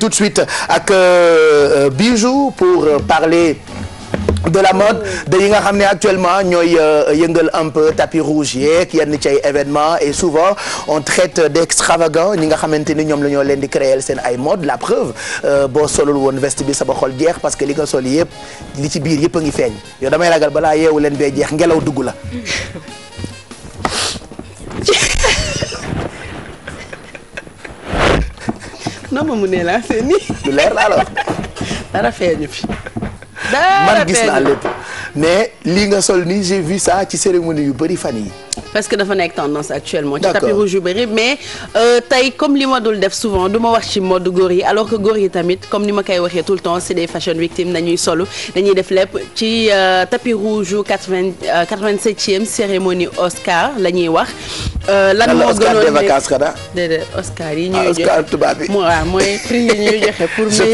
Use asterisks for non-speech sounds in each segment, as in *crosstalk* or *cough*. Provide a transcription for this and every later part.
tout de suite ak euh, euh Bijou pour euh, parler de la mode de yi nga xam ne actuellement ñooy euh, yëngal un peu tapis rouge yeeg yenn ci ay événements et souvent on traite d'extravagants ñi nga xamante ni ñoom la ñoo leen di créel seen ay mode la preuve boo solul woon veste bi sama xol jeex parce que li nga sol yëpp li ci biir yëpp ngi feeñ yow damay ragal balaa yeewu leen bee jeex ngelaw dugg la *laughs* na ma mënee laa seen nii. lu leer laa la wax. *laughs* dara feeñu fi. dara feeñu man gis naa lépp mais li nga sol nii j'ai vu ça ci cérémonie yu bëri fan yi parce que dafa nekk tendance actuellement. ci tapis rouge yu bëri mais euh, tey comme li ma dul def souvent du ma wax ci mode góor yi alors que góor yi tamit comme ni ma koy waxee tout le temps c'est des fashion victimes dañuy solu dañuy def lépp ci euh, tapis rouge yu euh, quatre vingt quatre vingt septième cérémonie Oscar la ñuy wax. Euh, lan moo gënoon des vacances kada déedéet Oscar yi ñuy ah, joxe Oscar tubaab bi waaw ah, mooy prix yi ñuy joxe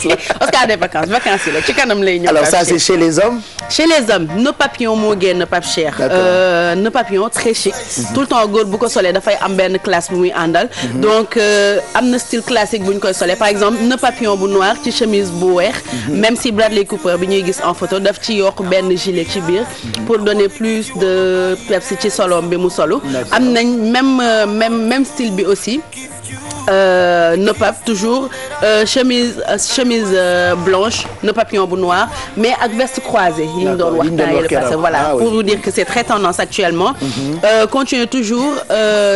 *laughs* Oscar des vacances la *laughs* Oscar des vacances vacances yi la ci kanam lay ñëw alors ça c'est chez les hommes chez les hommes Nos Papillons moo génn Pape Cheikh euh, Nos Papillons très chic mhm. tout le temps góor bu ko solee dafay am benn classe bu muy àndal mhm. donc euh, am na style classique bu ñu koy par exemple Nos Papillons bu noir ci chemise bu weex mhm. même si Bradley Cooper bi ñuy gis en photo daf ci yokk benn gilet ci biir pour donner bi mu solu am nañ même euh, même même style bi aussi Euh, nëppap toujours euh, chemise euh, chemise blanche nœud papillon bu noir mais ak veste croisée yi ñu doon waxtaan yële passé voilà ah pour vous dire que c'est très tendance actuellement mm-hmm. continuer toujours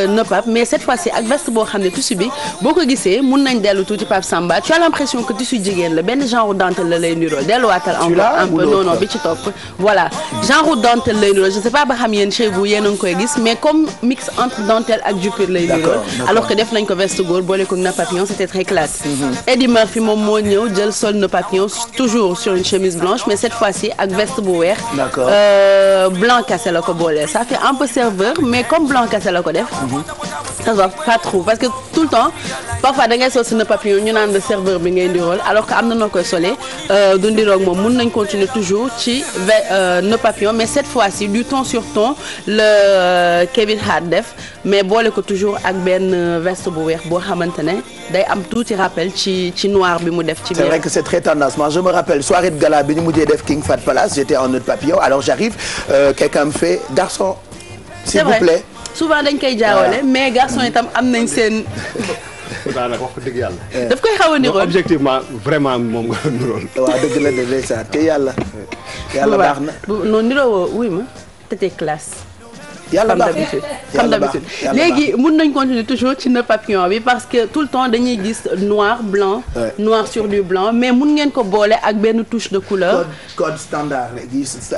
nëppap mais cette fois-ci ak veste boo xam ne tissu bi boo ko gisee mun nañ dellu tuuti Pape Samba tu as l'impression que tissu jigéen la benn genre dentelle la lay niroo delluwaatal encore un peu non non bi ci topp voilà genre dentelle lay niroo je ne sais pas ba xam yéen chez vous yéen a ngi koy gis mais comme mix entre dentelle ak jupir lay niroo alors que def nañ ko veste góor boole ko na papillon c'était très classe. Eddie Murphy moom moo ñëw jël sol na papillon toujours sur une chemise blanche mais cette fois-ci ak veste bu weex. d'accord euh, blanc cassé la ko boole ça fait un peu serveur mais comme blanc cassé la ko def. Mhm. trésor pas trop parce que tout le temps parfois da ngay sol seen papillon ñu naan le serveur bi ngay ndirool alors que am na noo koy solee euh, du ndiroog moom mun nañ continuer toujours ci euh, nœud papillon mais cette fois-ci du ton sur ton le euh, Kevin Hart def mais boole ko toujours ak benn veste bu weex boo xamante ne day am tuuti rappel ci ci noir bi mu def. ci biir c'est vrai je me rappelle soirée de gala bi ñu mujjee def King Fat Palace j'arrive euh, souvent dañ koy jaawale mais garçon itam am nañ seen. daanaka wax ko dëgg yàlla. daf koy xaw a niroon objectivement vraiment moom nga *laughs* niroon. waaw dëgg la de ndeysaan te yàlla. yàlla baax na bu non niroo wuy ma te classe. yàlla baax comme d'habitude léegi mun nañ continuer toujours ci nœud papillon bi parce que tout le temps gi gis noir blanc. noir sur du blanc mais mun ngeen ko boole ak benn touche de couleur. code code standard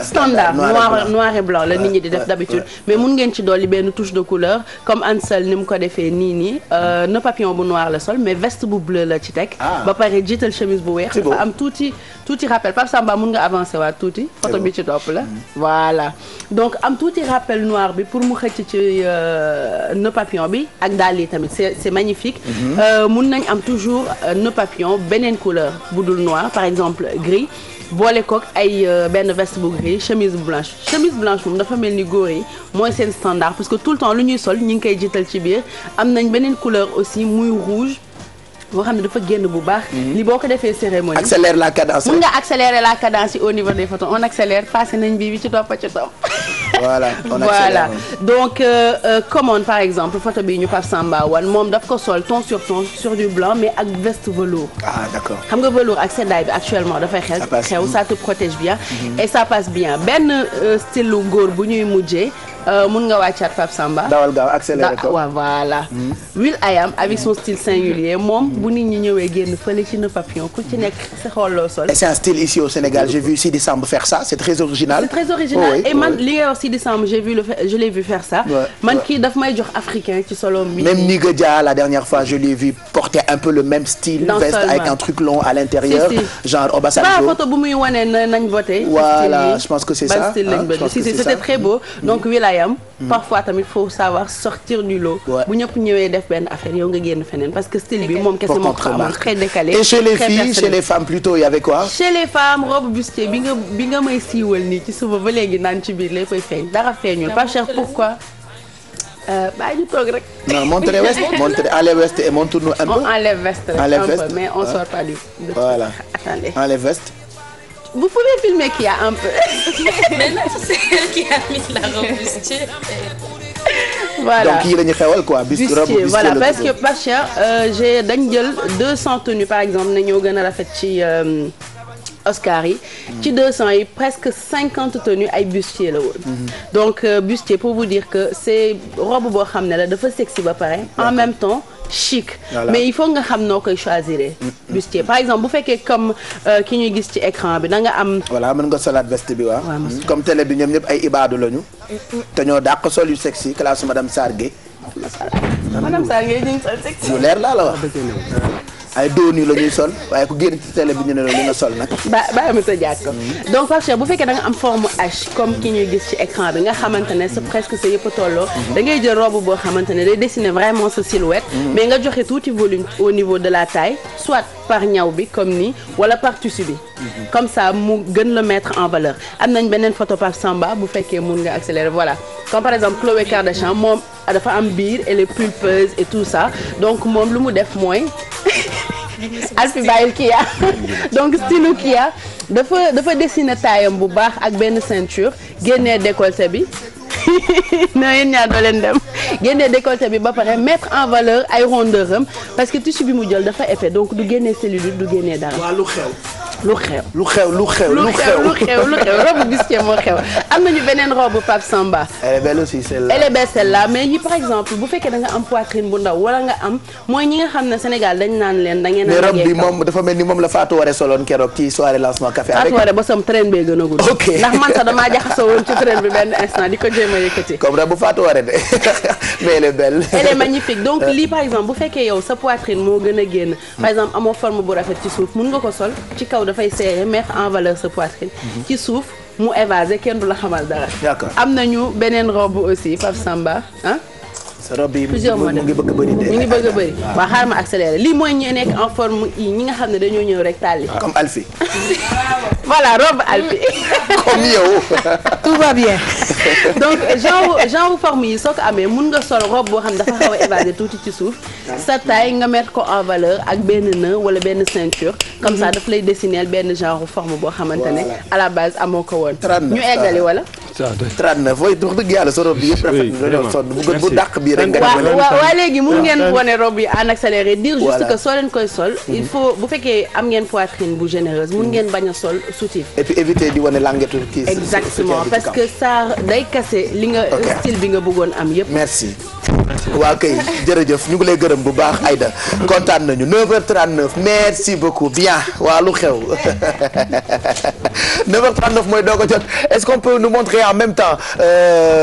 standard noir noir et blanc la nit ñi di def d'habitude mais mun ngeen ci dolli benn touche de couleur comme Ansel ni mu ko defee nii nii euh, nœud papillon bu noir la sol mais veste bu bleu la ci teg. Ah. ba pare jiital chemise bu weex. dafa am tuuti tuuti rappel Pape Samba mun nga avancer waat tuuti. photo bi ci topp la. Mm. voilà donc am tuuti rappel noir bi pour mu xëcc ci euh, nœud papillon bi ak dal yi tamit c'est c'est magnifique. Mhm. Euh, mun nañ am toujours euh, nœud papillon beneen couleur bu dul noir par exemple gris. boole kook ay benn veste bu gris chemise blanche chemise blanche moom dafa mel ni góor yi mooy seen standard parce que tout le temps lu ñuy sol ñu ngi koy jiital ci biir am nañ beneen couleur aussi muy rouge boo xam ne dafa génn bu baax. Mhm. li boo ko defee cérémonie. accélère la cadence mun nga accélérer la cadence yi au niveau des photos on accélère bii bi ci topp ci *laughs* voilà on voilà donc euh, euh, commande par exemple photo bi ñu Pape Samba wan moom daf ko sol ton sur ton sur du blanc mais ak veste velours. ah d'accord xam nga velours ak seddaay bi actuellement dafay xel xew ça te protège bien. Mhm. et ça passe bien benn euh, style lu góor bu ñuy mujjee. mun nga wàccaat Pape Samba. dawal gaaw accéléré ko waaw voilà. Mhm. Will I am avec son mhm. style singulier moom bu nit ñu ñëwee génn fële ci ne papillon ku ci nekk si sol. et c'est un style ici au Sénégal j'ai vu Sidi Samb faire ça c'est c'est très original et man li décembre j'ai vu le je l'ai vu faire ça. man kii daf may jox africain ci solo mi. la dernière fois je l'ai vu porter un peu le même style. veste avec un truc long à l'intérieur si, si. genre photo bu muy wane nañ voilà je pense que c'est ça. Hein, ah, je pense que c'est ça c'était très mm. donc Will I Am. parfois tamit faut savoir sortir du lot. bu ñëpp ñëwee def benn affaire yow nga génn feneen parce que style bi moom kese moo ko amal très décalé. et chez les filles chez les femmes plutôt y chez les femmes robe bi nga bi nga may siiwal nii ci suba ba léegi naan ci biir lay koy feeñ dara feeñul pas cher pourquoi. Euh, baa ñu toog rek. non montrez veste montrez enlève veste et montre-nous un peu. on enlève veste rek un mais on sort pas du. voilà Vous pouvez filmer Kia un peu. *laughs* Mais non, a mis la robe bustier. voilà donc yii la ñu xewal quoi. bustier robe voilà parce que pas cher. Euh, j'ai dañ jël 200 tenues par exemple ne ñoo gën a rafet ci. Euh, Oscar yi. ci deux 200 yi presque 50 tenues ay bustier la woon. donc euh, bustier pour vous dire que c'est robe boo xam ne la dafa sexy ba pare. en même temps chic. Voilà. mais il faut nga xam noo koy choisir. Mm, mm. bustier par exemple bu fekkee comme euh, ki ñuy gis ci écran bi da nga am. voilà mën nga solaat veste bi waa mm, comme télé bi ñoom ñëpp ay ibaadu lañu. te ñoo dàq sol yu sexy classe madame Sarr Gueye. madame Sarr Gueye leer laa la wax. Ah, ay dooni la ñuy sol waaye ku génn ci télé bi ñu ne la sol nag. ba bàyyi ma sa mm-hmm. donc Pape Cheikh bu fekkee da am forme H comme ki ñuy gis ci écran bi nga xamante ne sa presque sa yëpp a tolloo. Mm-hmm. da ngay jël robe boo xamante ne day dessiner vraiment sa silhouette. Mm-hmm. mais nga joxe tuuti volume au niveau de la taille soit par ñaw bi comme nii wala par tissu bi. comme ça mu gën la mettre en valeur am nañ beneen photo Pape Samba bu fekkee mun nga accélérer voilà comme par exemple Chloé Kardashian moom dafa am biir elle est pulpeuse moom lu mu def mooy. Alpi bàyyil Kia donc stylo Kia dafa dafa dessiner taayam bu baax ak benn ceinture génnee décolleté bi *laughs* na yéen ñaar doo leen dem génnee décolleté bi ba pare mettre en valeur ay rondeur am parce que tissu bi mu jël dafa épais donc du génnee cellulite du génnee dara. waaw lu xew. lu xew lu xew lu xew lu xew lu xew lu xew robe moo xew am nañu beneen robe Pape Samba. elle est belle aussi celle-là mais ñi par exemple bu fekkee da nga am poitrine bu ndaw wala nga am mooy ñi nga xam ne Sénégal dañ naan leen da ngeen mais robe dafa mel ni moom la Fatou Waré soloon keroog ci soirée lancement café avec Fatou Waré ba som train bee gën a gudd ndax man sax damaa jaxasoo woon ci train bi benn instant di ko jéem yëkkati comme da bu Fatou Waré *laughs* sa poitrine gën a génn par exemple amoo forme bu rafet ci suuf mun nga ko sol ci dafay serré mettre en valeur sa poitrine. Mhm. ci suuf mu évasé kenn du la xamal dara. am na ñu beneen robe aussi Pape Samba ah. sa robe yi mu ngi bëgg a bëri de. mu ngi bëgg a bëri waaw xaaral ma accéléré lii mooy ñu nekk en forme yi ñi nga xam ne dañoo ñëw rek tàlli. comme Alfie. *laughs* voilà robe albi. *laughs* comme yow. *laughs* tout va bien donc genre genre forme yi soo ko amee mun nga sol robe boo xam dafa xaw a évadé tuuti ci suuf. sa taille nga mettre ko en valeur ak benn nœud wala benn ceinture. comme ça daf lay dessiner benn genre forme boo xamante ne. à la base amoo ko woon. ñu eggali wala. 39 fooy wax dëgg yàlla sa bi yëpp rafet bi rek nga waaw waaw léegi mun ngeen wone robe yi en accéléré dire juste que soo koy sol il faut bu fekkee am ngeen poitrine bu généreuse mun ngeen bañ a sol soutif. et puis éviter di wane languette kii. exactement parce que ça day kase li nga. style bi nga bëggoon am yëpp. merci. waa kay jërëjëf ñu ngi lay gërëm bu baax Aïda kontaan nañu 9h39 merci beaucoup bien waa lu xew 9h39 *laughs* mooy doog a jot est-ce qu'on peut nous montrer en même temps. Euh,